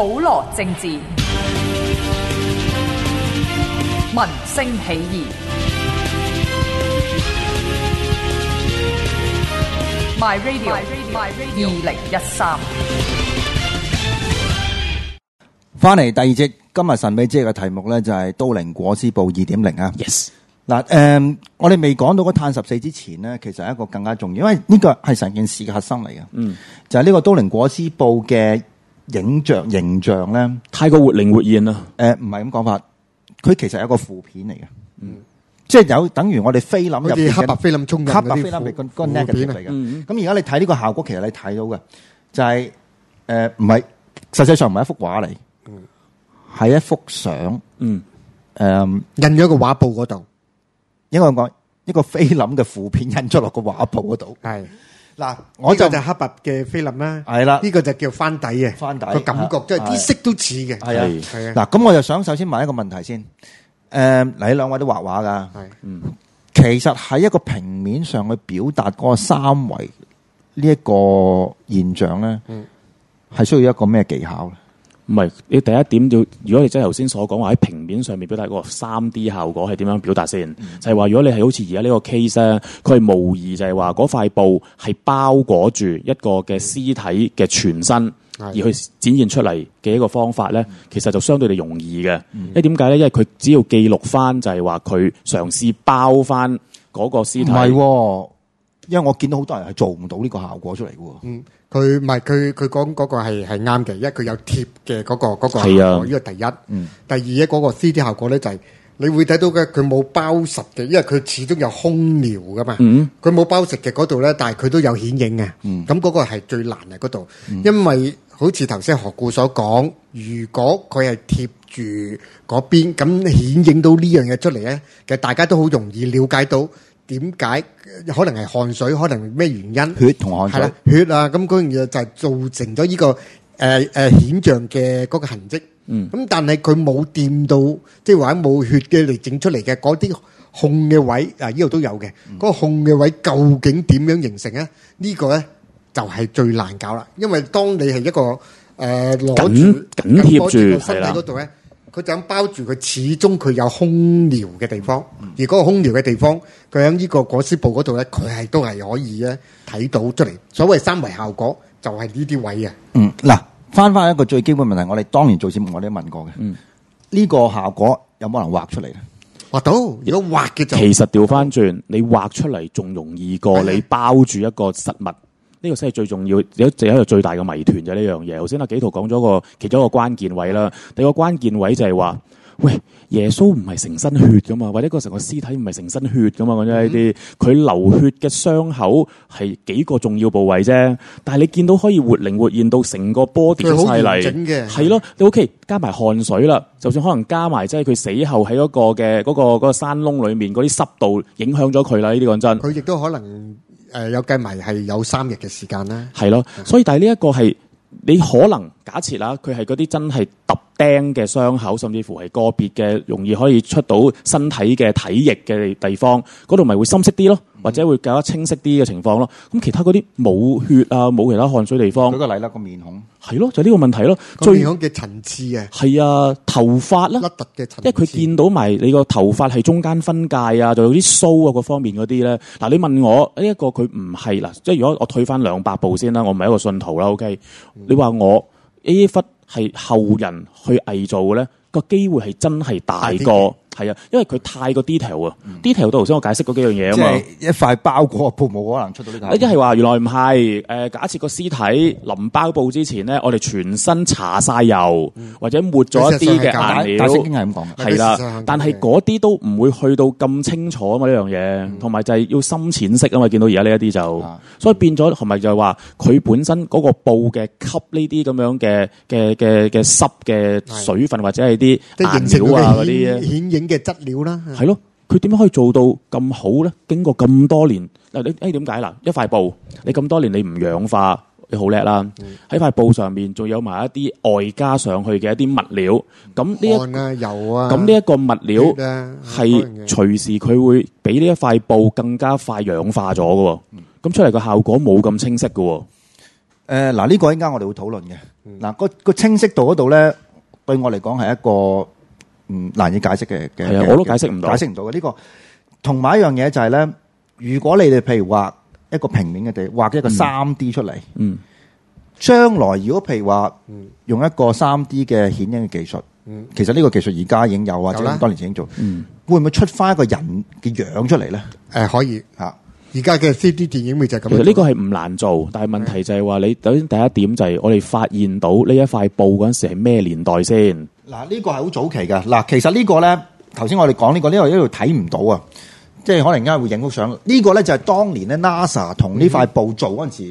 普羅政治， 民聲起義。 My radio，二零一三。翻嚟第二節，今日神秘之嘅題目咧就係《都靈裹屍布》二點零啊。Yes，嗱，誒，我哋未講到嗰碳十四之前咧，其實係一個更加重要，因為呢個係成件事嘅核心嚟嘅。嗯、mm.，就係呢個《都靈裹屍布》嘅。影像，影像呢？呃，呃，嗱、這個，我就就黑白嘅菲林啦，係啦，呢個就叫翻底嘅，翻底個感覺即係啲色都似嘅，係啊，係啊。嗱，咁我就想首先問一個問題先，誒、呃，你兩位都畫畫噶，係，嗯，其實喺一個平面上去表達嗰個三維呢一個現象咧，嗯，係需要一個咩技巧咧？唔係，你第一點就，如果你即係頭先所講話喺平面上面表達嗰個三 D 效果係點樣表達先？嗯、就係、係、話如果你係好似而家呢個 case 咧，佢係無疑就係話嗰塊布係包裹住一個嘅屍體嘅全身，嗯、而去展現出嚟嘅一個方法咧、嗯，其實就相對地容易嘅、嗯。因為點解咧？因為佢只要記錄翻就係話佢嘗試包翻嗰個屍體。啊、因為我見到好多人係做唔到呢個效果出嚟喎。嗯。佢唔係，佢佢講嗰個係係啱嘅，因為佢有貼嘅嗰個嗰、嗰個效果，呢個、啊、第一。嗯，第二咧嗰、嗰個 CD 效果咧就係、係、你會睇到嘅，佢冇包實嘅，因為佢始終有空描噶嘛。嗯，佢冇包實嘅嗰度咧，但係佢都有顯影嘅。嗯，咁、嗰、嗰個係最難嘅嗰度，因為好似頭先何故所講，如果佢係貼住嗰邊，咁顯影到呢樣嘢出嚟咧，其實大家都好容易了解到。點解可能係汗水，可能咩原因？血同汗水，係啦，血啊！咁嗰樣嘢就係造成咗呢個誒誒顯象嘅嗰個痕跡。嗯，咁但係佢冇掂到，即係話冇血嘅嚟整出嚟嘅嗰啲空嘅位啊，呢度都有嘅。嗰個空嘅位究竟點樣形成咧？呢個咧就係最難搞啦，因為當你係一個誒攬住緊貼住身體度咧。佢就包住佢，始終佢有空料嘅地方。嗯、而嗰個空料嘅地方，佢喺呢個裹屍布嗰度咧，佢係都係可以咧睇到出嚟。所謂三維效果就係呢啲位啊。嗯，嗱，翻翻一個最基本問題，我哋當年做節目，我哋都問過嘅。嗯，呢、這個效果有冇可能畫出嚟咧？畫到如果畫嘅，就……其實調翻轉，你畫出嚟仲容易過你包住一個實物。呢個先係最重要，有隻喺度最大嘅迷團就係呢樣嘢。頭先阿幾圖講咗個其中一個關鍵位啦，第二個關鍵位就係話：喂，耶穌唔係成身血噶嘛，或者個成個屍體唔係成身血噶嘛？講真呢啲，佢流血嘅傷口係幾個重要部位啫。但係你見到可以活靈活現到成個波 o d y 出曬嚟，係咯？O K，加埋汗水啦，就算可能加埋即係佢死後喺嗰、那個嘅嗰、那個那個那個山窿裡面嗰啲濕度影響咗佢啦。呢啲講真，佢亦都可能。誒有計埋係有三日嘅時間啦，係咯，所以但係呢一個係你可能。假設啦，佢係嗰啲真係揼釘嘅傷口，甚至乎係個別嘅容易可以出到身體嘅體液嘅地方，嗰度咪會深色啲咯，或者會更加清晰啲嘅情況咯。咁其他嗰啲冇血啊，冇其他汗水地方，舉個例啦，個面孔係咯、啊，就呢、是、個問題咯。最面孔嘅層次啊，係啊，頭髮啦、啊，一粒嘅因為佢見到埋你個頭髮係中間分界啊，仲有啲鬚啊，嗰方面嗰啲咧嗱。你問我呢一、這個佢唔係嗱，即係如果我退翻兩百步先啦，我唔係一個信徒啦，OK？你話我。呢一忽係後人去偽造嘅咧，個機會係真係大過係啊，因為佢太過 detail 啊，detail 到頭先我解釋過幾樣嘢啊嘛，嗯就是、一塊包裹布冇可能出到呢個，一係話原來唔係，誒假設個屍體淋包布之前咧，我哋全身搽晒油、嗯、或者抹咗一啲嘅顏料，大聲傾係咁講嘛，係啦，但係嗰啲都唔會去到咁清楚啊嘛，呢樣嘢，同、嗯、埋就係要深淺色啊嘛，見到而家呢一啲就、啊，所以變咗同埋就係話佢本身嗰個布嘅吸呢啲咁樣嘅嘅嘅嘅濕嘅水分係或者係啲顏料啊嗰啲顯影。嗰啲顯顯嘅質料啦，係咯，佢點樣可以做到咁好咧？經過咁多年嗱，你誒點解嗱？一塊布，你咁多年你唔氧化，你好叻啦。喺塊布上面仲有埋一啲外加上去嘅一啲物料，咁呢一汗啊，油啊，咁呢一個物料係隨時佢會比呢一塊布更加快氧化咗㗎。咁出嚟個效果冇咁清晰㗎。誒，嗱呢個一陣我哋會討論嘅。嗱，個個清晰度嗰度咧，對我嚟講係一個。嗯，難以解釋嘅嘅，我都解釋唔解釋唔到嘅呢個。同埋一樣嘢就係、是、咧，如果你哋譬如畫一個平面嘅地，畫一個三 D 出嚟，嗯，將來如果譬如話，用一個三 D 嘅顯影嘅技術，嗯、其實呢個技術而家已經有啊，即係多年前已經做，嗯，會唔會出翻一個人嘅樣出嚟咧、呃？可以嚇而家嘅 CD 電影咪就係咁樣的。其實呢個係唔難做，但係問題就係話你首先第一點就係我哋發現到呢一塊布嗰陣時係咩年代先？嗱，呢個係好早期噶。嗱，其實這個呢個咧，頭先我哋講呢個，呢、這個一路睇唔到啊，即係可能而家會影幅相。呢、這個咧就係當年咧 NASA 同呢塊布做嗰陣時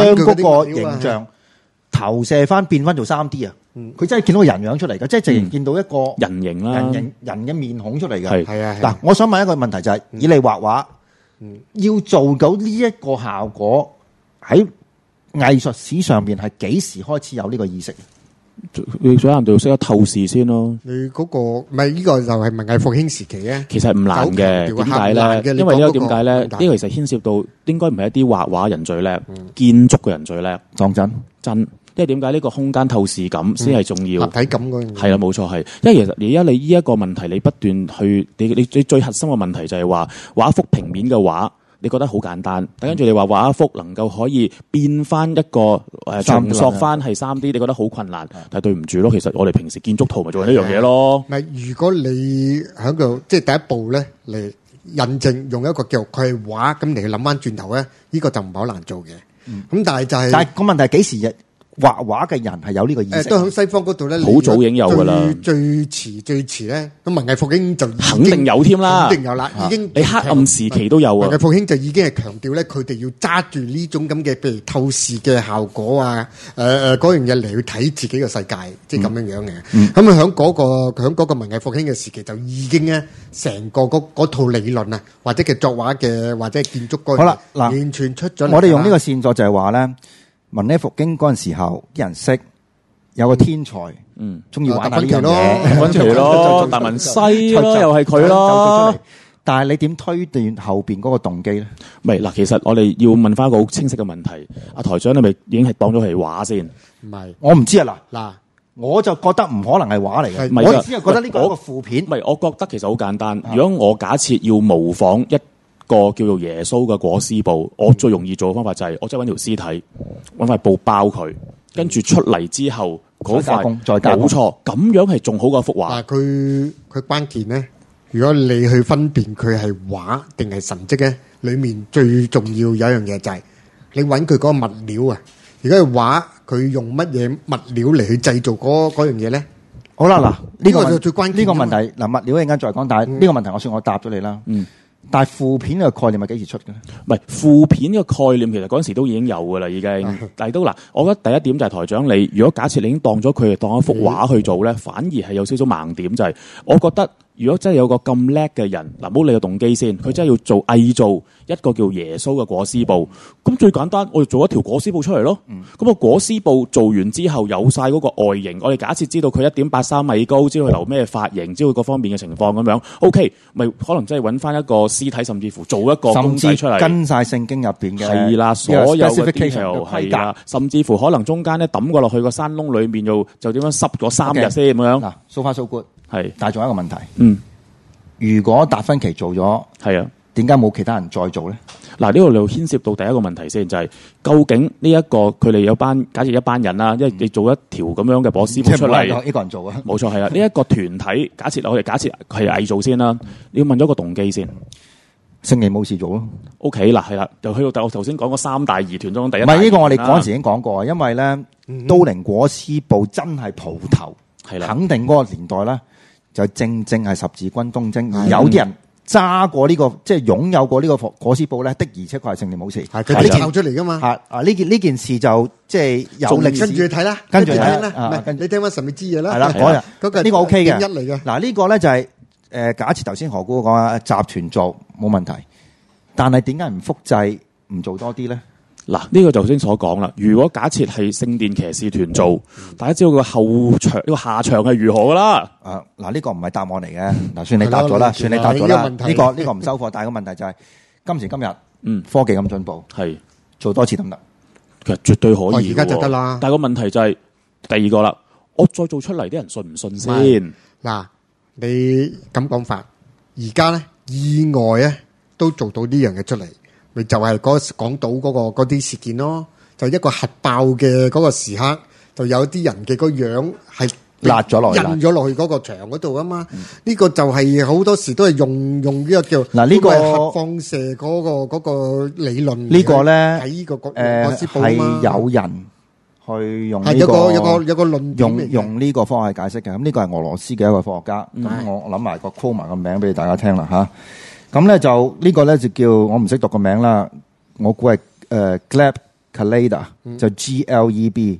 候，將嗰個形象投射翻變翻做 3D 啊。佢真係見到個人樣出嚟嘅、嗯，即係直然見到一個人形啦，人形人嘅面孔出嚟嘅，係、嗯、係啊。嗱，我想問一個問題就係、是嗯，以你畫畫。要做到呢一個效果喺藝術史上邊係幾時開始有呢個意識？你想人想做？識得透視先咯。你嗰、那個咪呢、這個就係文藝復興時期啊。其實唔難嘅，點解咧？因為，個為呢個點解咧？呢、那個其實牽涉到應該唔係一啲畫畫人最叻、嗯，建築嘅人最叻。當真真。即係點解呢個空間透視感先係重要？立體感嗰樣係啦，冇錯係。因為其實而家你呢一個問題，你不斷去你你你最核心嘅問題就係話畫一幅平面嘅畫，你覺得好簡單。但跟住你話畫一幅能夠可以變翻一個誒，濃縮翻係三 D，你覺得好困難。但係對唔住咯，其實我哋平時建築圖咪做緊呢樣嘢咯。係，如果你喺度即係第一步咧嚟印證，用一個叫佢畫，咁嚟諗翻轉頭咧，呢個就唔係好難做嘅。咁但係就係，但係個問題係幾時？畫畫嘅人係有呢個意識，都喺西方嗰度咧，好早已經有噶啦。最最遲最遲咧，咁文藝復興就已經肯定有添啦，肯定有啦，啊，已經。你黑暗時期都有啊。文藝復興就已經係強調咧，佢哋要揸住呢種咁嘅譬如透視嘅效果啊，誒誒嗰樣嘢嚟去睇自己嘅世界，即係咁樣樣嘅。咁啊喺嗰個喺嗰個文藝復興嘅時期就已經咧，成個嗰，嗰套理論啊，或者嘅作畫嘅或者係建築嗰，好啦嗱，完全出咗嚟。我哋用呢個線索就係話咧。文呢幅經嗰陣時候，啲人識有個天才，嗯，中意玩噴泉嘅，噴泉咯，大文西咯、啊，又係佢咯。但係你點推斷後邊嗰個動機咧？唔係嗱，其實我哋要問翻一個好清晰嘅問題，阿台長你咪已經係當咗係畫先？唔係，我唔知啊嗱嗱，我就覺得唔可能係畫嚟嘅，我只係覺得呢個係個負片。唔係，我覺得其實好簡單。如果我假設要模仿一個叫做耶穌嘅裹屍布,我最容易做嘅方法,就係,我即係搵條屍體,搵塊布包佢,跟住出嚟之後,那方法,再打,冇錯,咁樣係仲好過幅畫。但佢,佢關鍵呢,如果你去分辨,佢係畫,定係神跡呢,裏面最重要有一樣嘢,就係,你搵佢個物料,如果係畫,佢用乜嘢,物料嚟去製造嗰,嗰樣嘢呢?好啦嗱,呢個就最關鍵,呢個問題,嗱,物料一陣間再講但係,呢個問題我算我答咗你啦。嗯。但係負片嘅概念係幾時出嘅？唔係負片嘅概念，其實嗰陣時都已經有噶啦，已經。但係都嗱，我覺得第一點就係台長你，你如果假設你已經當咗佢係當一幅畫去做咧，反而係有少少盲點，就是，就係我覺得如果真係有個咁叻嘅人，嗱，唔好理個動機先，佢真係要做偽造。一個叫耶穌嘅裹屍布，咁最簡單，我哋做一條裹屍布出嚟咯。咁個裹屍布做完之後，有曬嗰個外形，我哋假設知道佢一點八三米高，知道留咩髮型，知道各方面嘅情況咁樣。OK，咪可能真係揾翻一個屍體，甚至乎做一個公仔出嚟，甚至跟曬聖經入邊嘅係啦，所有嘅 detail 係啊，甚至乎可能中間咧抌過落去個山窿裏面，又就點樣濕咗三日先咁樣。so far so good，係，但係仲有一個問題。嗯，如果達芬奇做咗，係啊。點解冇其他人再做咧？嗱，呢度你牽涉到第一個問題先，就係究竟呢一個佢哋有班假設一班人啦，因為你做一條咁樣嘅裹屍布出嚟，一個人做啊？冇錯，係啦。呢一個團體，假設我哋假設佢係偽造先啦，你要問咗個動機先。星期冇事做咯。O K，啦，係啦，就去到第我頭先講嗰三大疑團中第一。唔係呢個我哋嗰陣時已經講過啊，因為咧都靈裹屍布真係蒲頭，係啦，肯定嗰個年代咧就正正係十字軍東征，而有啲人。揸過呢個，即係擁有過呢個裹屍布呢咧，的而且確係成年冇事。係佢哋鬧出嚟噶嘛。嚇、啊！啊呢件呢件事就即係有歷史跟住睇啦，跟住睇啦。唔、啊啊啊、你聽翻神秘之嘢啦。係啦，嗰日嗰個呢、那個 O K 嘅。一嚟嘅嗱，呢、這個咧就係、是、假設頭先何姑講啊，集團做冇問題，但係點解唔複製唔做多啲咧？嗱，呢、這個就先所講啦。如果假設係聖殿騎士團做，大家知道佢後場呢個下場係如何噶啦。啊，嗱，呢個唔係答案嚟嘅。嗱、嗯，算你答咗啦，算你答咗啦。呢、這個呢、這個唔、這個、收貨。 但係個問題就係今時今日，嗯，科技咁進步，係做多次得唔得？其實絕對可以。而家就得啦。但係個問題就係、是、第二個啦。我再做出嚟啲人信唔信先？嗱，你咁講法，而家咧意外咧都做到呢樣嘢出嚟。就係、是，嗰港島個嗰啲事件咯，就是、一個核爆嘅嗰個時刻，就有啲人嘅個樣係拉咗落印咗落去嗰個牆嗰度啊嘛，呢、這個就係好多時都係用用呢個叫嗱呢個核放射嗰、那個嗰、那個理論、這個、呢、這個咧喺呢個國斯係有人去用呢、這個啊、有個有個有個論點用用呢個方法解釋嘅，咁呢個係俄羅斯嘅一個科學家，咁、嗯、我我諗埋個 call 埋個名俾大家聽啦吓。嗯咁咧就呢、這個咧就叫我唔識讀個名啦，我估係誒 Gleb Kaleda 就 G L E B，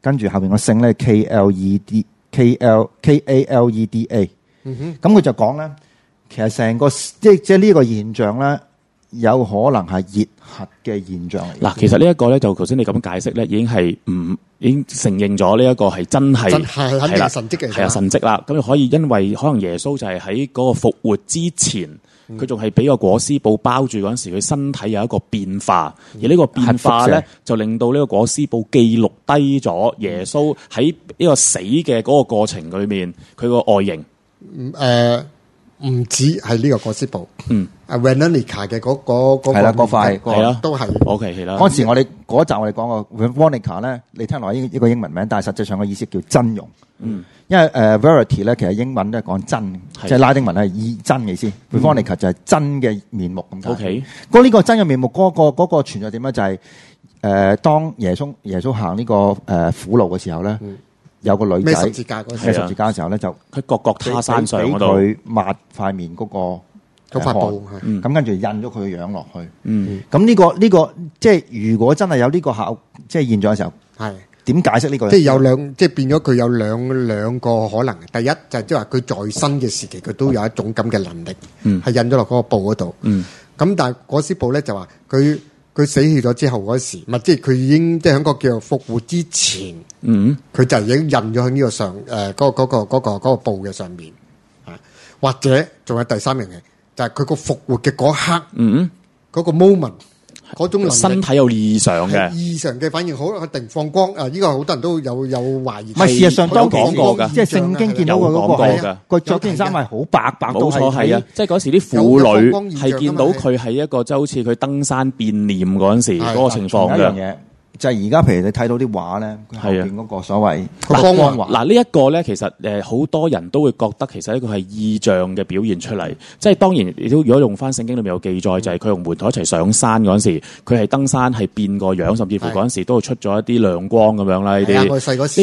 跟住後邊個姓咧 K L E D K L K A L、嗯、E D A，咁佢就講咧，其實成個即係即係呢個現象咧，有可能係熱核嘅現象嚟。嗱，其實呢一個咧就頭先你咁解釋咧，已經係唔，已經承認咗呢一個係真係，係係神迹嚟係神蹟啦。咁你可以因為可能耶穌就係喺嗰個復活之前。佢仲係俾個裹屍布包住嗰陣時，佢身體有一個變化，而呢個變化咧就令到呢個裹屍布記錄低咗耶穌喺呢個死嘅嗰個過程裏面佢個外形。嗯、呃唔止係呢個裹屍布，嗯，阿 Veronica 嘅嗰，那個嗰，那個嗰塊，係咯，都係。O K，嗰時我哋嗰集我哋講過 Veronica 咧，你聽落依個英文名，但係實際上個意思叫真容。嗯，因為誒、uh, Verity 咧，其實英文咧講真，即係、就是、拉丁文係以真嘅意思，嗯、Veronica 就係真嘅面目咁解。O K，嗰呢個真嘅面目，嗰，那個嗰，那個存在點啊？就係、是、誒、呃、當耶穌耶穌行呢、這個誒、呃、苦路嘅時候咧。嗯有個女仔，十字架嗰時候咧就佢割割他山碎俾佢抹塊面嗰個嗰塊布，咁、嗯嗯、跟住印咗佢嘅樣落去。咁、嗯、呢、嗯這個呢、這個即係如果真係有呢個效果即係現象嘅時候，係點解釋呢、這個？即係有兩即係變咗佢有兩兩個可能。第一就即係話佢在生嘅時期，佢都有一種咁嘅能力，係、嗯嗯、印咗落嗰個布嗰度。咁但係嗰時布咧就話佢。佢死去咗之後嗰時，唔係即係佢已經即係喺個叫做復活之前，佢、嗯、就已經印咗喺呢個上誒嗰、呃嗰個嗰、嗰個布嘅、嗰個嗰個、上面，啊、或者仲有第三樣嘢，就係佢個復活嘅嗰刻，嗰、嗯、個 moment。嗰種身體有異常嘅異常嘅反應，好，定放光啊！呢個好多人都有有懷疑。唔係事實上都講過嘅，即係聖經見到佢講過嘅。佢着件衫係好白白，冇錯係啊！即係嗰時啲婦女係見到佢係一個，即似佢登山變臉嗰陣時嗰個情況嘅。就係而家，譬如你睇到啲畫咧，係啊，嗰個所謂、啊、光環畫，嗱呢一個咧，其實誒好多人都會覺得其實呢個係意象嘅表現出嚟。即係當然，如果用翻聖經裏面有記載，就係佢同門徒一齊上山嗰陣時，佢係登山係變個樣，甚至乎嗰陣時都出咗一啲亮光咁樣啦。呢啲呢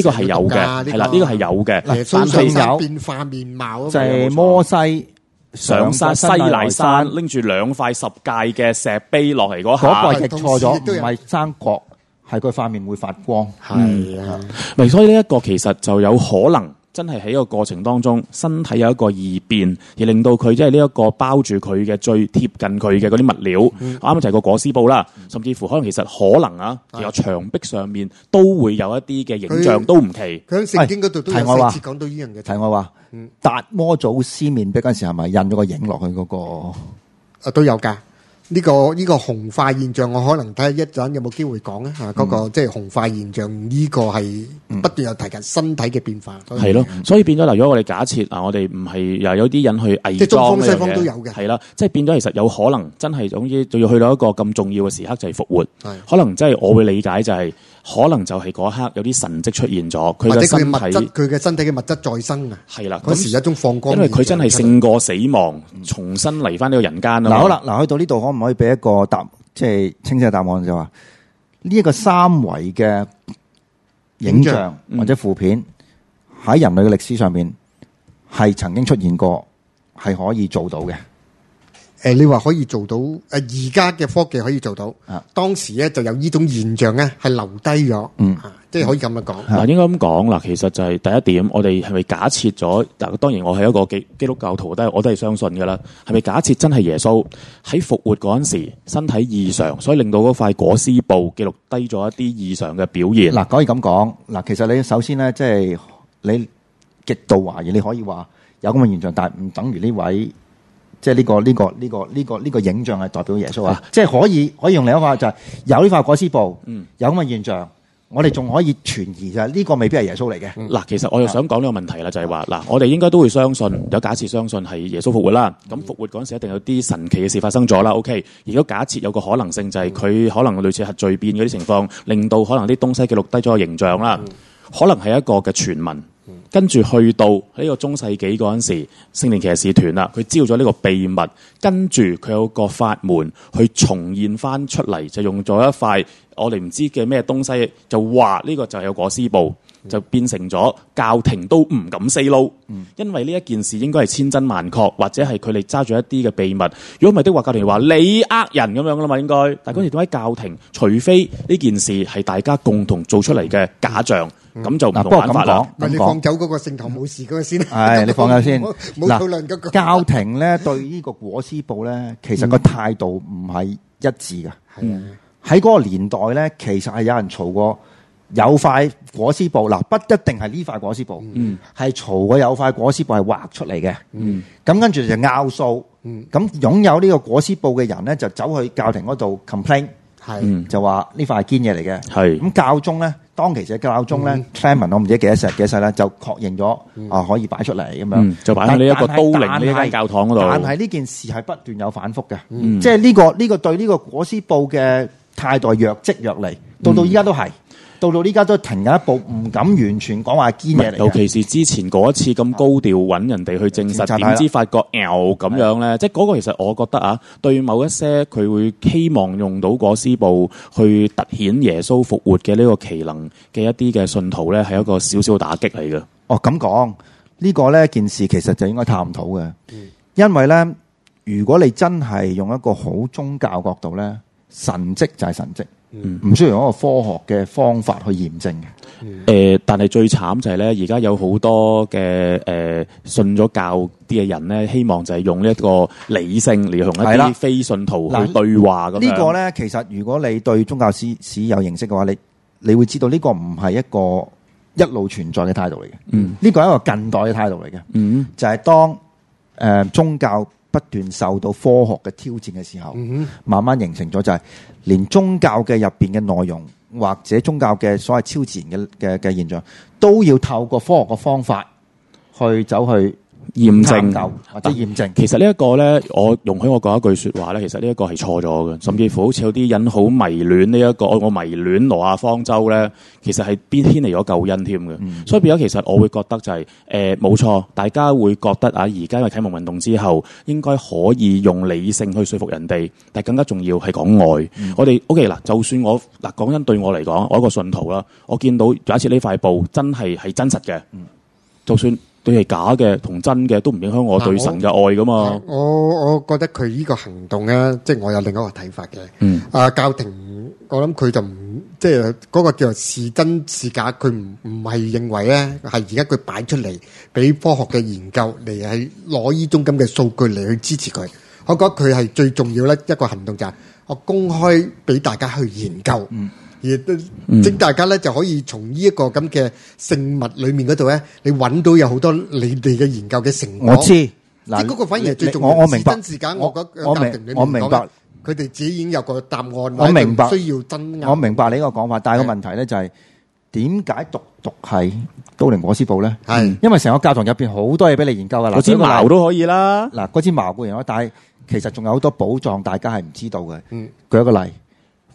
個係有嘅，係啦，呢、這個係、啊這個、有嘅。但係變化面貌，就係、是、摩西上山西奈山，拎住兩塊十戒嘅石碑落嚟嗰下，嗰個係錯咗，唔係生角。係佢塊面會發光，係、嗯、啊，咪所以呢一個其實就有可能真係喺一個過程當中，身體有一個異變，而令到佢即係呢一個包住佢嘅最貼近佢嘅嗰啲物料，啱、嗯、啱就係個裹屍布啦，嗯，甚至乎可能其實可能啊，有、嗯、牆壁上面都會有一啲嘅影像都，都唔奇。佢喺聖經嗰度都有到、這個哎、提到呢樣嘅。題外話，達摩祖師面壁嗰陣時係咪印咗個影落去嗰、那個？啊都有㗎。呢個呢個紅化現象，我可能睇下一陣有冇機會講咧嚇。嗰個即係紅化現象，呢個係不斷有提及身體嘅變化。係咯，所以變咗。例如果我哋假設啊，我哋唔係又有啲人去偽裝嘅嘢，係啦，即係變咗。其實有可能真係總之，就要去到一個咁重要嘅時刻就係復活。係，可能即係我會理解就係。可能就係嗰一刻有啲神迹出現咗，佢嘅身體佢嘅身體嘅物質再生啊，係啦嗰時一種放光，因為佢真係勝過死亡，嗯、重新嚟翻呢個人間咯嗱、嗯、好啦，嗱去到呢度，可唔可以俾一個答，即、就、係、是、清晰嘅答案就話呢一個三維嘅影像或者負片喺人類嘅歷史上面係曾經出現過，係可以做到嘅。誒，你話可以做到？誒，而家嘅科技可以做到。當時咧，就有呢種現象咧，係留低咗。嗯，即係可以咁樣講。嗱、嗯，應該咁講啦。其實就係第一點，我哋係咪假設咗？嗱，當然我係一個基基督教徒，都係我都係相信㗎啦。係咪假設真係耶穌喺復活嗰陣時候身體異常，所以令到嗰塊裹屍布記錄低咗一啲異常嘅表現？嗱、嗯，可以咁講。嗱，其實你首先咧、就是，即係你極度懷疑，你可以話有咁嘅現象，但係唔等於呢位。即係呢個呢、這個呢、這個呢、這個呢、這個影像係代表耶穌啊、嗯！即係可以可以用另一個話就係、是、有呢塊裹屍布，有咁嘅現象，我哋仲可以傳疑就係呢個未必係耶穌嚟嘅。嗱、嗯，其實我又想講呢個問題啦，就係話嗱，我哋應該都會相信，有假設相信係耶穌復活啦。咁復活嗰陣時一定有啲神奇嘅事發生咗啦。OK，如果假設有個可能性就係佢可能類似核聚變嗰啲情況，令到可能啲東西記錄低咗個形象啦、嗯嗯，可能係一個嘅傳聞。跟住去到呢個中世紀嗰陣時，聖殿騎士團啦，佢知道咗呢個秘密，跟住佢有個法門去重現翻出嚟，就用咗一塊我哋唔知嘅咩東西，就話呢個就有裹屍布，就變成咗教廷都唔敢私露、嗯，因為呢一件事應該係千真萬確，或者係佢哋揸住一啲嘅秘密。如果唔係的話，教廷話你呃人咁樣噶嘛，應該，但係嗰時點解教廷，除非呢件事係大家共同做出嚟嘅假象。咁就唔合法咯。咪你放走嗰個聖堂武士嗰個先。係你放走先。冇嗱，個教廷咧對呢個裹屍布咧，其實個態度唔係一致噶。係、嗯、啊，喺嗰個年代咧，其實係有人嘈過有塊裹屍布。嗱，不一定係呢塊裹屍布。嗯，係嘈過有塊裹屍布係畫出嚟嘅。嗯，咁跟住就拗數。嗯，咁擁有呢個裹屍布嘅人咧，就走去教廷嗰度 complain。係就話呢塊係堅嘢嚟嘅，咁教宗咧，當其時教宗咧 Clement 我唔知幾多世，幾多世咧，就確認咗、嗯、啊，可以擺出嚟咁樣，嗯、就擺喺呢一個都靈呢間教堂嗰度。但係呢件事係不斷有反覆嘅，即係呢個呢、這個對呢個果斯布嘅態度若即若離，到到依家都係。嗯到到呢家都在停一步，唔敢完全講話堅嘢。尤其是之前嗰一次咁高調揾人哋去證實，點知發覺牛咁、呃、樣咧？即係嗰個其實我覺得啊，對某一些佢會，會希望用到嗰絲布去突顯耶穌復活嘅呢個奇能嘅一啲嘅信徒咧，係一個小小打擊嚟嘅。哦，咁講、這個、呢個咧件事其實就應該探討嘅，因為咧，如果你真係用一個好宗教角度咧，神蹟就係神蹟。唔需要用一個科學嘅方法去驗證嘅。誒，但係最慘就係咧，而家有好多嘅誒、呃、信咗教啲嘅人咧，希望就係用呢一個理性嚟同一啲非信徒去對話咁。這個、呢個咧，其實如果你對宗教史史有認識嘅話，你你會知道呢個唔係一個一路存在嘅態度嚟嘅。嗯，呢個係一個近代嘅態度嚟嘅。嗯就，就係當誒宗教。不斷受到科學嘅挑戰嘅時候，慢慢形成咗就係連宗教嘅入邊嘅內容，或者宗教嘅所謂超自然嘅嘅嘅現象，都要透過科學嘅方法去走去驗證或者驗證，其實這個呢一個咧，我容許我講一句說話咧，其實呢一個係錯咗嘅，甚至乎好似有啲人好迷戀呢一個，我迷戀挪亞方舟咧，其實係必天嚟咗救恩添嘅，所以變咗其實我會覺得就係誒，冇錯，大家會覺得啊，而家嘅啟蒙運動之後，應該可以用理性去說服人哋，但係更加重要係講愛。我哋 O K 嗱，就算我嗱講真對我嚟講，我一個信徒啦，我見到有一次呢塊布真係係真實嘅，就算。對係假嘅同真嘅都唔影響我對神嘅愛噶嘛我？我我覺得佢呢個行動咧，即係我有另一個睇法嘅。嗯、啊，教廷，我諗佢就唔即係嗰、那個叫做是真是假，佢唔唔係認為咧係而家佢擺出嚟俾科學嘅研究嚟係攞呢種咁嘅數據嚟去支持佢。我覺得佢係最重要咧一個行動就係、是、我公開俾大家去研究。嗯亦都，即係大家咧，就可以從呢一個咁嘅聖物裏面嗰度咧，你搵到有好多你哋嘅研究嘅成果。我知，嗱，嗰個反而係最重要。我我明白，我明，我明白。佢哋自己已經有個答案，我哋需要真。我明白你呢個講法，但係個問題咧就係，點解獨獨係《都靈裹屍布》咧？係，因為成個教堂入邊好多嘢俾你研究㗎。嗱，嗰支矛都可以啦。嗱，嗰支矛固然，但係其實仲有好多寶藏，大家係唔知道嘅。嗯，舉一個例。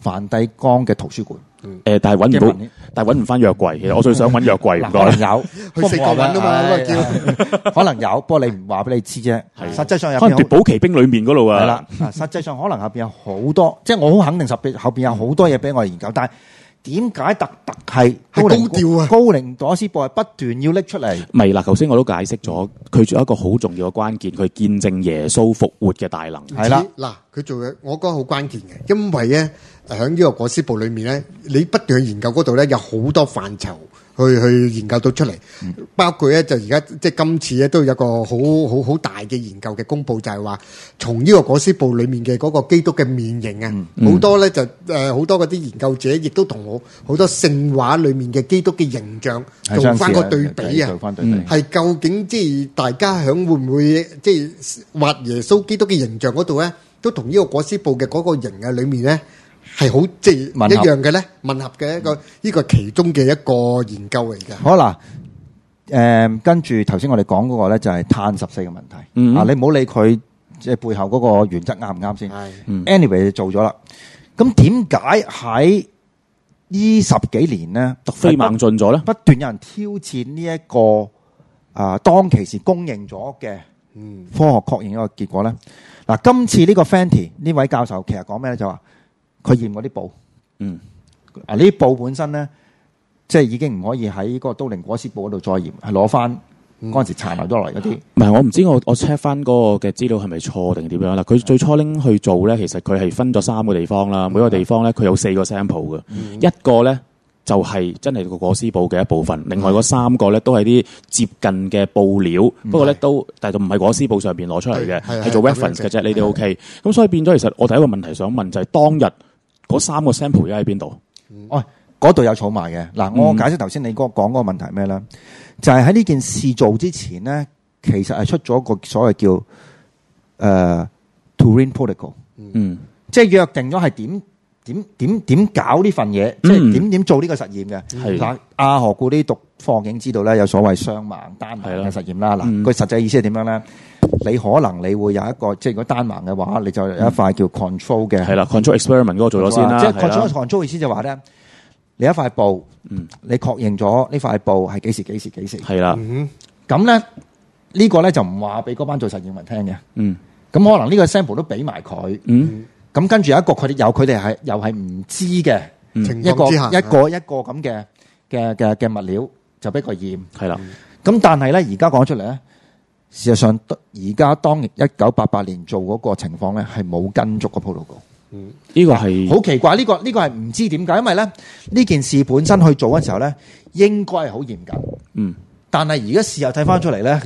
梵蒂岡嘅圖書館，誒，但係揾唔到但係揾唔返約櫃。其實我最想揾約櫃，唔該。有去四國揾啊嘛，叫可能有，不過你唔話俾你知啫。係，實際上入邊可能奪寶奇兵裏面嗰度啊。係啦，實際上可能後邊有好多，即係我好肯定，十後邊有好多嘢俾我研究，但係。點解特特係高調啊？都靈裹屍布係不斷要拎出嚟。唔係嗱，頭先我都解釋咗，佢仲有一個好重要嘅關鍵，佢見證耶穌復活嘅大能係啦。嗱，佢做嘅，我覺得好關鍵嘅，因為咧喺呢個裹屍布裏面咧，你不斷去研究嗰度咧，有好多範疇。去去研究到出嚟，包括咧就而家即係今次咧都有個好好好大嘅研究嘅公布，就係話從呢個《裹屍布》裏面嘅嗰個基督嘅面型啊，好多咧就誒好多嗰啲研究者亦都同我好多聖畫裏面嘅基督嘅形象做翻個對比啊，係究竟即係大家響會唔會即係畫耶穌基督嘅形象嗰度咧，都同呢個《裹屍布》嘅嗰個形象裏面咧，係好即係一樣嘅咧，吻合嘅一個呢、呢個其中嘅一個研究嚟嘅。好啦誒，跟住頭先我哋講嗰個咧就係碳十四嘅問題。嗯，你唔好理佢即係背後嗰個原則啱唔啱先。係、嗯，anyway 做咗啦。咁點解喺呢十幾年咧突飛猛進咗咧？不斷有人挑戰呢、呢、一個啊，當其時公認咗嘅科學確認一個結果咧。嗱、嗯，今次呢個 Fanti 呢位教授其實講咩咧？就話。佢驗嗰啲布，嗯，啊呢啲布本身咧，即係已經唔可以喺嗰個都靈裹屍布嗰度再驗，嗯嗯嗯，係攞翻嗰陣時查埋咗落嚟。嗰啲。唔係我唔知我我 check 翻嗰個嘅資料係咪錯定點樣啦？佢最初拎去做咧，其實佢係分咗三個地方啦。每個地方咧，佢有四個 sample 嘅，一個咧就係真係個裹屍布嘅一部分，另外嗰三個咧都係啲接近嘅布料，不過咧都但係就唔係裹屍布上面攞出嚟嘅，係做 reference 嘅啫。你哋 O K。咁所以變咗，其實我第一個問題想問就係當日。嗰三個 sample 而家喺邊度？喂、哎，嗰度有儲埋嘅。嗱，我解釋頭先你嗰講嗰個問題係咩咧？就係喺呢件事做之前咧，其實係出咗個所謂叫誒、呃、Turin Protocol，嗯，即係約定咗係點。點點點搞呢份嘢、嗯，即係點點做呢個實驗嘅？係嗱，阿、啊、何故呢？讀放影知道咧，有所謂雙盲、單盲嘅實驗啦。嗱，佢、嗯、實際意思係點樣咧？你可能你會有一個，即係如果單盲嘅話，你就有一塊叫 control 嘅。係啦，control experiment 嗰個做咗先啦。即係 control control 意思就話咧，你一塊布，嗯，你確認咗、嗯、呢塊布係幾時幾時幾時。係啦，咁咧呢個咧就唔話俾嗰班做實驗人聽嘅。嗯，咁、嗯、可能呢個 sample 都俾埋佢。嗯。嗯咁跟住有一個佢哋又佢哋係又係唔知嘅，一個一個一個咁嘅嘅嘅嘅物料就俾佢驗，係啦。咁但係咧而家講出嚟咧，事實上而家當一九八八年做嗰個情況咧，係冇跟足個 protocol。嗯，呢個係好奇怪，呢個呢個係唔知點解，因為咧呢件事本身去做嘅時候咧，應該係好嚴格。嗯，但係而家事後睇翻出嚟咧，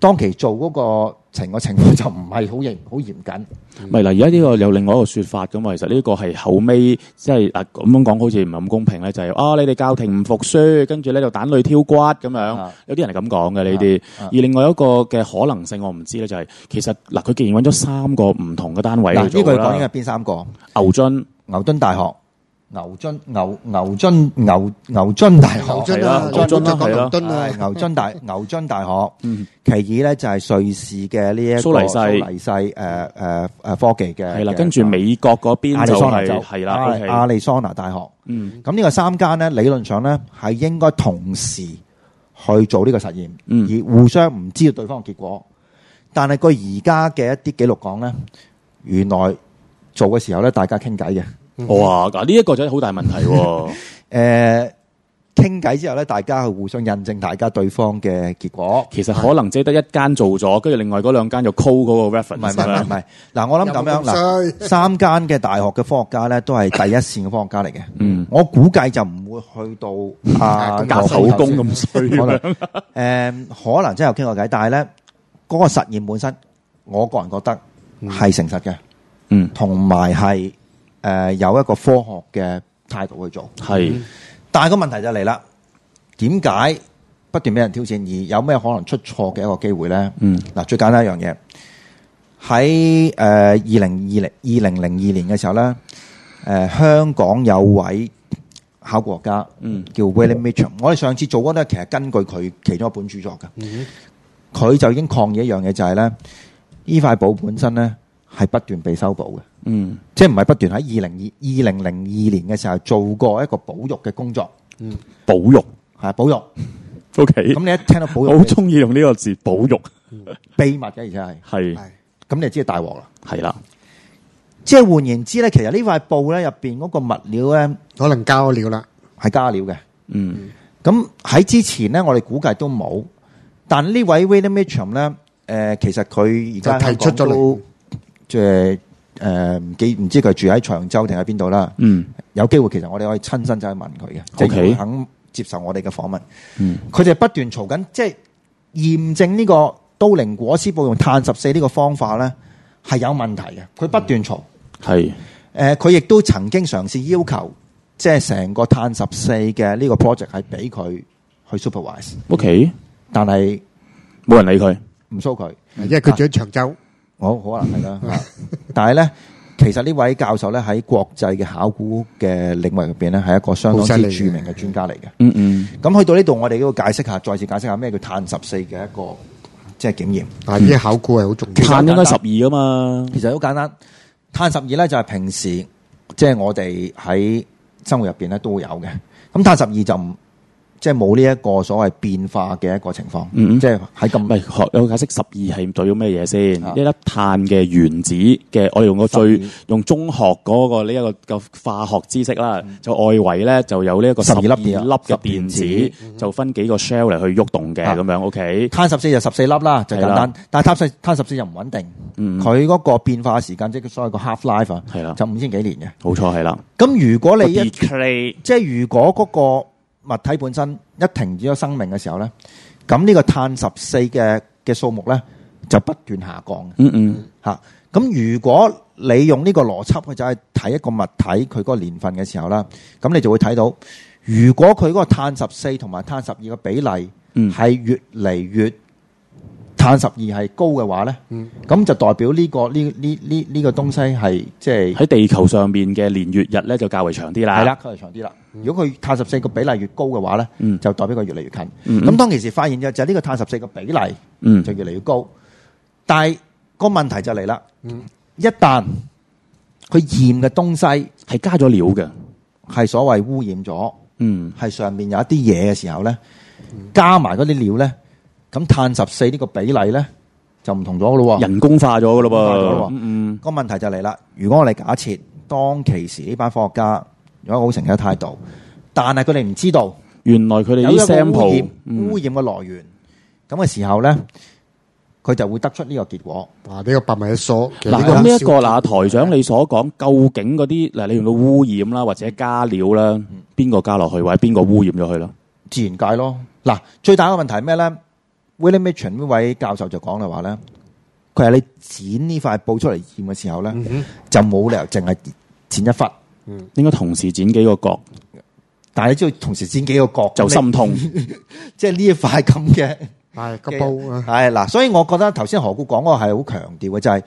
當其做嗰個，情個情況就唔係好嚴好嚴謹。咪嗱，而家呢個有另外一個説法噶嘛，其實呢個係後尾即係嗱，咁樣講，好似唔係咁公平咧，就係啊，你哋教廷唔服輸，跟住咧就蛋裏挑骨咁樣，有啲人係咁講嘅，你哋。而另外一個嘅可能性，我唔知咧，就係其實嗱，佢既然揾咗三個唔同嘅單位嚟做啦。嗱，呢個講應該係邊三個？牛津，牛津大學。牛津、牛牛津、牛牛津大學牛津大牛津大牛津大學。嗯、啊，啊啊啊啊、 其二咧就係瑞士嘅呢一個蘇黎世，蘇黎世誒誒誒科技嘅係啦。跟住美國嗰邊就係啦、是、亞利桑那、啊 okay、大學。嗯，咁呢個三間咧理論上咧係應該同時去做呢個實驗，嗯，而互相唔知道對方嘅結果。但係據而家嘅一啲記錄講咧，原來做嘅時候咧，大家傾偈嘅。哇！嗱，呢一個就係好大問題。誒，傾偈之後咧，大家去互相印證，大家對方嘅結果，其實可能只係得一間做咗，跟住另外嗰兩間就 call 嗰個 reference 咁樣。唔係，嗱，我諗咁樣，嗱，三間嘅大學嘅科學家咧，都係第一線嘅科學家嚟嘅。嗯，我估計就唔會去到啊，教手工咁衰。誒，可能真係有傾過偈，但係咧，嗰個實驗本身，我個人覺得係誠實嘅。嗯，同埋係。誒、呃，有一個科學嘅態度去做，係，但係個問題就嚟啦，點解不斷俾人挑戰，而有咩可能出錯嘅一個機會咧？嗯，嗱，最簡單一樣嘢，喺誒二零二零二零零二年嘅時候咧，誒、呃、香港有位考古學家，嗯，叫 William Mitchell，、嗯、我哋上次做嗰啲，其實根據佢其中一本著作嘅，嗯，佢就已經抗議一樣嘢就係、是、咧，呢塊布本身咧係不斷被修補嘅。嗯，即係唔係不斷喺二零二二零零二年嘅時候做過一個保育嘅工作，嗯，保育係保育，O K。咁、okay, 嗯、你一聽到保育，好中意用呢個字保育，保育嗯、秘密嘅，而且係係，咁你就知大鑊啦，係啦。即係換言之咧，其實呢塊布咧入邊嗰個物料咧，可能加了料啦，係加料嘅，嗯。咁、嗯、喺之前咧，我哋估計都冇，但呢位 William Meacham、呃咧，誒，其實佢而家提出咗嚟，即係。就是誒、嗯，唔記唔知佢住喺長洲定喺邊度啦？嗯，有機會其實我哋可以親身走去問佢嘅，即佢肯接受我哋嘅訪問。嗯，佢就不斷嘈緊，即係驗證呢個都靈裹屍布用碳十四呢個方法咧，係有問題嘅。佢不斷嘈，係、嗯、誒，佢亦、呃、都曾經嘗試要求，即係成個碳十四嘅呢個 project 係俾佢去 supervise okay。O K，但係冇人理佢，唔收佢，因為佢住喺長洲。好，可能係啦。但係咧，其實呢位教授咧喺國際嘅考古嘅領域入邊咧，係一個相當之著名嘅專家嚟嘅。嗯嗯。咁去到呢度，我哋都要解釋下，再次解釋下咩叫碳十四嘅一個即係檢驗。但呢個考古係好重要。碳應該十二啊嘛。其實好簡單，碳十二咧就係平時即係、就是、我哋喺生活入邊咧都會有嘅。咁碳十二就唔。即係冇呢一個所謂變化嘅一個情況，嗯嗯，即係喺咁。唔係學，我解釋十二係對咗咩嘢先？一粒碳嘅原子嘅，我用個最 12, 用中學嗰個呢一個嘅化學知識啦、嗯，就外圍咧就有呢一個十二粒嘅電子、啊，就分幾個 shell 嚟去喐動嘅咁樣。OK。碳十四就十四粒啦，就簡單。但係碳細碳十四又唔穩定，嗯，佢嗰個變化時間即係所謂個 half life 啊，係啦，就五千幾年嘅，冇錯係啦。咁、嗯、如果你一即係如果嗰、那個。物體本身一停止咗生命嘅時候呢，咁呢個碳十四嘅嘅數目呢，就不斷下降。嗯嗯，嚇。咁如果你用呢個邏輯去就係睇一個物體佢嗰個年份嘅時候啦，咁你就會睇到，如果佢嗰個碳十四同埋碳十二嘅比例係越嚟越，碳十二係高嘅話咧，咁就代表呢、這個呢呢呢呢個東西係即係喺地球上面嘅年月日咧就較為長啲啦，係啦，較為長啲啦。如果佢碳十四個比例越高嘅話咧、嗯，就代表佢越嚟越近。咁、嗯、當其時發現就就是、呢個碳十四個比例就越嚟越高，嗯、但係個問題就嚟啦、嗯，一旦佢驗嘅東西係加咗料嘅，係所謂污染咗，嗯，係上面有一啲嘢嘅時候咧，加埋嗰啲料咧。咁碳十四呢個比例咧就唔同咗咯，人工化咗噶咯噃。個、嗯嗯、問題就嚟啦。如果我哋假設當其時呢班科學家有一個好誠懇嘅態度，但係佢哋唔知道原來佢哋啲 sample 污染嘅、嗯、來源咁嘅時候咧，佢就會得出呢個結果。嗱呢、這個百密一疏。嗱咁呢一個嗱、這個，台長你所講，究竟嗰啲嗱，你用到污染啦，或者加料啦，邊個加落去，或者邊個污染咗去啦？自然界咯。嗱，最大嘅問題係咩咧？William m i t r e n 那位教授就講啦話咧，佢話你剪呢塊布出嚟剪嘅時候咧，就冇理由淨係剪一忽，應該同時剪幾個角。嗯、但係你都要同時剪幾個角，就心痛。即係呢一塊咁嘅，係、就、個、是、布、啊，係嗱。所以我覺得頭先何故講我係好強調嘅，就係、是、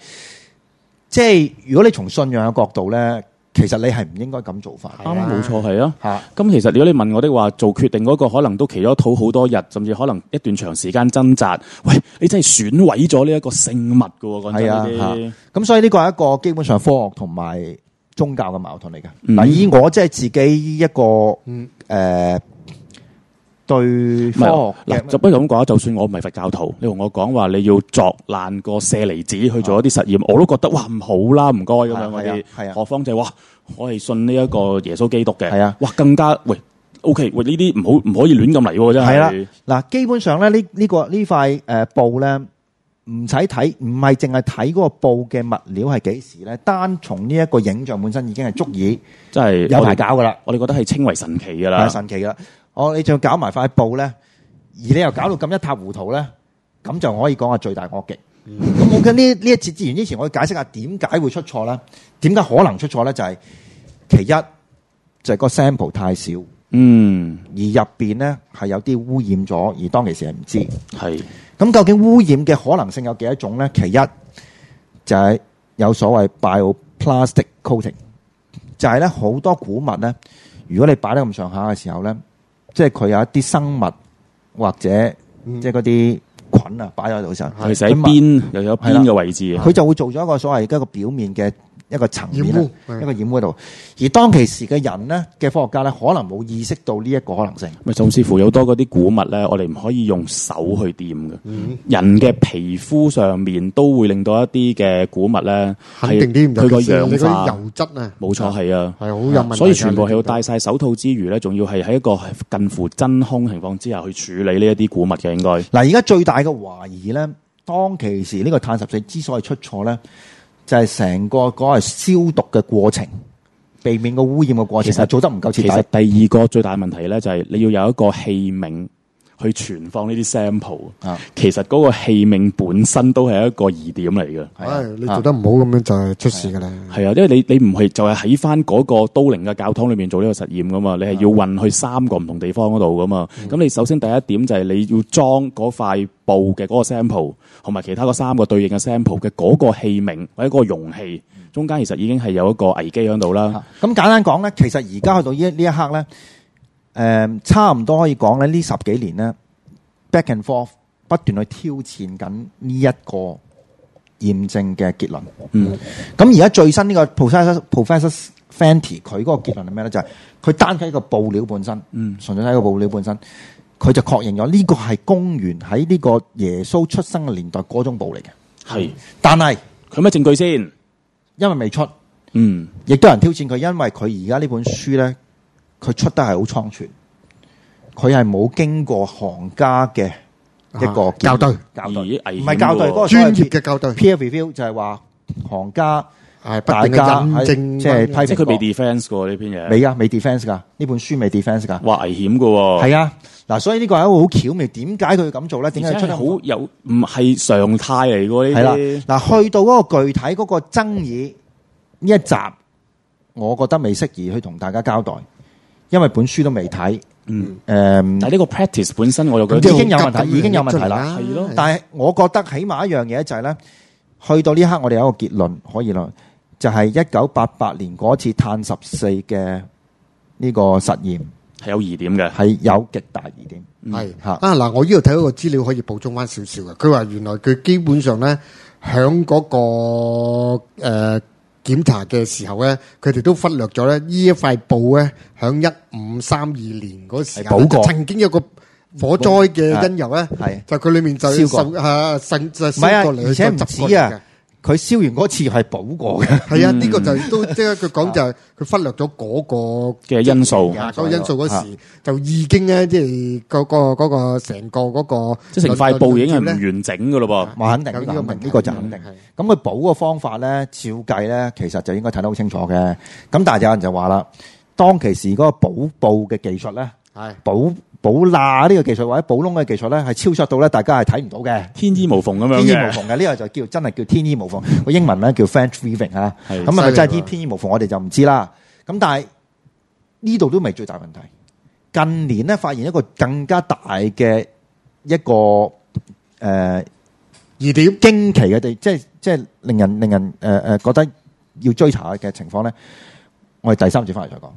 即係如果你從信仰嘅角度咧。其實你係唔應該咁做法，啱，冇錯係啊。咁、啊、其實如果你問我的話，做決定嗰個可能都企咗肚好多日，甚至可能一段長時間掙扎。喂，你真係損毀咗呢一個聖物噶喎，係啊。咁、啊、所以呢個係一個基本上科學同埋宗教嘅矛盾嚟㗎。以、嗯、我即係自己一個，誒、嗯呃。最科學嗱，就不如咁講啦。就算我唔係佛教徒，你同我講話你要作爛個舍利子去做一啲實驗，我都覺得哇唔好啦，唔該咁樣。我哋何況就係哇，我係信呢一個耶穌基督嘅。係啊，哇更加喂，OK 喂，呢啲唔好唔可以亂咁嚟真係。係啦，嗱，基本上咧呢呢個呢塊誒布咧，唔使睇，唔係淨係睇嗰個布嘅物料係幾時咧。單從呢一個影像本身已經係足以，真係有排搞噶啦。我哋覺得係稱為神奇噶啦，神奇噶。哦，你仲搞埋塊布咧，而你又搞到咁一塌糊塗咧，咁就可以講係罪大惡極。咁、嗯、我跟呢呢一次資源之前，我要解釋下點解會出錯咧？點解可能出錯咧？就係、是、其一就係、是、個 sample 太少，嗯，而入邊咧係有啲污染咗，而當其時係唔知係咁。究竟污染嘅可能性有幾多種咧？其一就係、是、有所謂 bio plastic coating，就係咧好多古物咧，如果你擺得咁上下嘅時候咧。即係佢有一啲生物或者即係嗰啲菌啊，擺喺度時候，佢喺邊又有邊嘅位置，佢就會做咗一個所謂一個表面嘅。一個層面啦，一個染污度。而當其時嘅人呢，嘅科學家呢，可能冇意識到呢一個可能性，嗯。咪，嗯，似乎有好多嗰啲古物呢，我哋唔可以用手去掂嘅，嗯。人嘅皮膚上面都會令到一啲嘅古物定呢，係佢染嗰啲油質咧。冇錯，係啊，係好有問題，所以全部係要戴晒手套之餘呢，仲要係喺一個近乎真空情況之下去處理呢一啲古物嘅。應該嗱，而家最大嘅懷疑呢，當其時呢個碳十四之所以出錯呢。就係、是、成個嗰個消毒嘅過程，避免個污染嘅過程，其實做得唔夠徹底。其實第二個最大的問題呢，就係你要有一個器皿。去存放呢啲 sample，其實嗰個器皿本身都係一個疑點嚟嘅、啊。係、啊，你做得唔好咁樣就係出事嘅喇、啊。係啊，啊，啊，啊，因為你你唔係就係喺翻嗰個都靈嘅教堂裏面做呢個實驗噶嘛，你係要運去三個唔同地方嗰度噶嘛。咁、啊、你首先第一點就係你要裝嗰塊布嘅嗰個 sample，同埋其他嗰三個對應嘅 sample 嘅嗰個器皿、嗯、或者個容器，中間其實已經係有一個危機喺度啦。咁、嗯、簡單講咧，其實而家去到呢呢一刻咧。誒、嗯，差唔多可以講咧，呢十幾年咧，back and forth 不斷去挑戰緊呢一個驗證嘅結論。嗯，咁而家最新呢個 Professor Fanti 佢嗰個結論係咩咧？就係、是、佢單睇個布料本身，純、嗯、粹睇個布料本身，佢就確認咗呢個係公元喺呢個耶穌出生嘅年代嗰種布嚟嘅。係，但係佢咩證據先？因為未出。嗯，亦都有人挑戰佢，因為佢而家呢本書咧。佢出得係好倉促，佢係冇經過行家嘅一個校對、啊、而唔係校對。專業嘅校對。那個、Peer Review 就係話行家大家不定證，即係批覆佢未 defence 過，呢篇嘢，未啊，未 defence 噶呢本書未 defence 噶，話危險㗎喎。係啊，嗱，所以呢個係一個好巧妙。點解佢咁做咧？點解出得好有唔係常態嚟嗰啲？係啦、啊，嗱、啊，去到嗰個具體嗰個爭議呢、嗯、一集，我覺得未適宜去同大家交代。因為本書都未睇，嗯，誒、嗯，但呢個 practice 本身我又覺得已經有問題，已經有問題啦，係咯。但係我覺得起碼一樣嘢就係、是、咧，去到呢刻我哋有一個結論可以論，就係一九八八年嗰次碳十四嘅呢個實驗係有疑點嘅，係有極大疑點，係吓、嗯。啊嗱、啊，我呢度睇到個資料可以補充翻少少嘅，佢話原來佢基本上咧響嗰個誒。呃檢查嘅時候咧，佢哋都忽略咗咧，呢一塊布咧，喺一五三二年嗰時候曾經有個火災嘅因由咧，啊、就佢裡面就燒過嚇，剩、啊、就燒過嚟、啊。而且唔止啊。佢燒完嗰次係補過嘅、嗯，係啊，呢、這個就都即係佢講就係、是、佢忽略咗嗰、那個嘅因素，個、嗯、因素嗰時、啊、就已經咧，即係嗰個嗰個成個嗰個，即、那、成、個那個那個、塊布已經係唔完整㗎咯噃，肯定呢、這個問呢個,個就肯定係。咁佢補個方法咧，照計咧，其實就應該睇得好清楚嘅。咁但係有人就話啦，當其時嗰個補布嘅技術咧，係補。保罅呢個技術或者補窿嘅技術咧，係超出到咧，大家係睇唔到嘅，天衣無縫咁樣天衣無縫嘅呢個就叫真係叫天衣無縫。個 英文咧叫 French weaving 吓，咁啊真係天天衣無縫，我哋就唔知啦。咁但係呢度都唔係最大問題。近年咧發現一個更加大嘅一個誒疑點，驚、呃、奇嘅地，即係即係令人令人誒誒覺得要追查嘅情況咧。我哋第三節翻嚟再講。